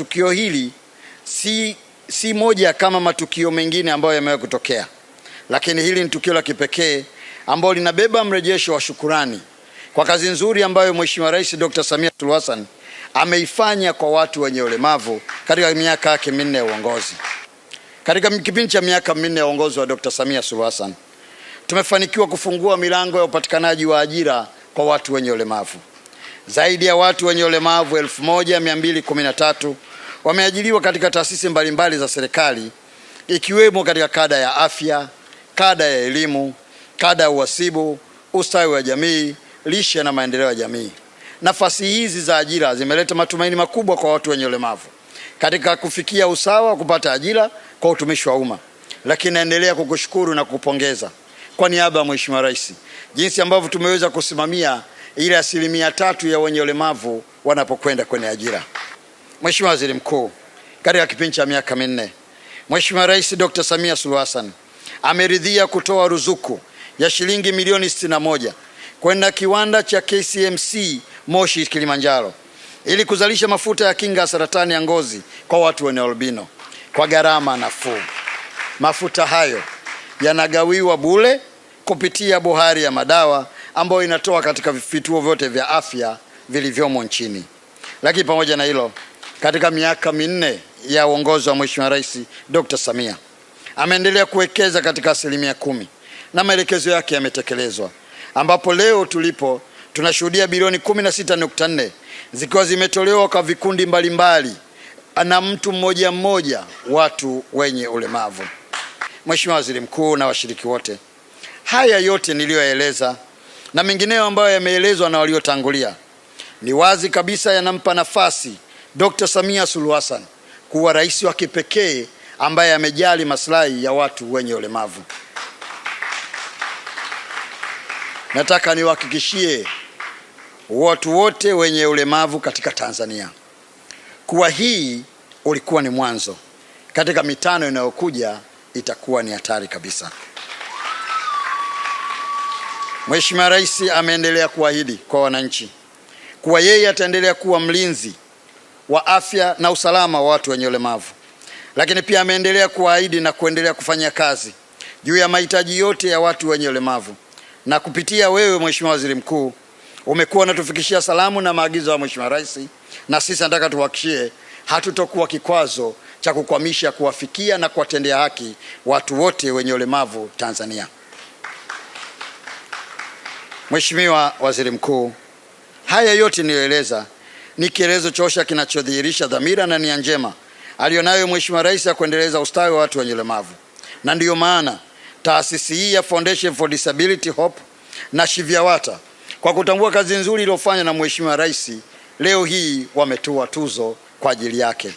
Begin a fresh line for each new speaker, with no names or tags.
tukio hili si, si moja kama matukio mengine ambayo yamewahi kutokea, lakini hili ni tukio la kipekee ambalo linabeba mrejesho wa shukurani kwa kazi nzuri ambayo Mheshimiwa Rais Dr. Samia Suluhu Hassan ameifanya kwa watu wenye ulemavu katika miaka yake minne ya uongozi. Katika kipindi cha miaka minne ya uongozi wa Dr. Samia Suluhu Hassan tumefanikiwa kufungua milango ya upatikanaji wa ajira kwa watu wenye ulemavu. Zaidi ya watu wenye ulemavu 1213 Wameajiriwa katika taasisi mbalimbali za serikali ikiwemo katika kada ya afya, kada ya elimu, kada ya uhasibu, ustawi wa jamii, lishe na maendeleo ya jamii. Nafasi hizi za ajira zimeleta matumaini makubwa kwa watu wenye ulemavu katika kufikia usawa wa kupata ajira kwa utumishi wa umma. Lakini naendelea kukushukuru na kukupongeza kwa niaba ya Mheshimiwa Rais jinsi ambavyo tumeweza kusimamia ile asilimia tatu ya wenye ulemavu wanapokwenda kwenye ajira. Mheshimiwa Waziri Mkuu, katika kipindi cha miaka minne Mheshimiwa Rais Dr. Samia Suluhu Hassan ameridhia kutoa ruzuku ya shilingi milioni 61 kwenda kiwanda cha KCMC Moshi Kilimanjaro ili kuzalisha mafuta ya kinga ya saratani ya ngozi kwa watu wenye albino kwa gharama nafuu. Mafuta hayo yanagawiwa bule kupitia bohari ya madawa ambayo inatoa katika vituo vyote vya afya vilivyomo nchini. Lakini pamoja na hilo katika miaka minne ya uongozi wa Mheshimiwa Rais Dr. Samia ameendelea kuwekeza katika asilimia kumi na maelekezo yake yametekelezwa, ambapo leo tulipo tunashuhudia bilioni 16.4 zikiwa zimetolewa kwa vikundi mbalimbali na mtu mmoja mmoja, watu wenye ulemavu. Mheshimiwa Waziri Mkuu na washiriki wote, haya yote niliyoyaeleza na mengineyo ambayo yameelezwa na waliotangulia, ni wazi kabisa yanampa nafasi Dr. Samia Suluhu Hassan kuwa rais wa kipekee ambaye amejali maslahi ya watu wenye ulemavu. Nataka niwahakikishie watu wote wenye ulemavu katika Tanzania kuwa hii ulikuwa ni mwanzo. Katika mitano inayokuja itakuwa ni hatari kabisa. Mheshimiwa Rais ameendelea kuahidi kwa wananchi kuwa yeye ataendelea kuwa mlinzi wa afya na usalama wa watu wenye ulemavu. Lakini pia ameendelea kuahidi na kuendelea kufanya kazi juu ya mahitaji yote ya watu wenye ulemavu, na kupitia wewe Mheshimiwa Waziri Mkuu umekuwa unatufikishia salamu na maagizo ya Mheshimiwa Rais, na sisi nataka tuhakikishie hatutokuwa kikwazo cha kukwamisha kuwafikia na kuwatendea haki watu wote wenye ulemavu Tanzania. Mheshimiwa Waziri Mkuu, haya yote niliyoeleza ni kielezo chosha kinachodhihirisha dhamira na nia njema aliyonayo Mheshimiwa Rais ya kuendeleza ustawi wa watu wenye ulemavu, na ndiyo maana taasisi hii ya Foundation for Disability Hope na Shivyawata kwa kutambua kazi nzuri iliyofanywa na Mheshimiwa Rais, leo hii wametoa tuzo kwa ajili yake.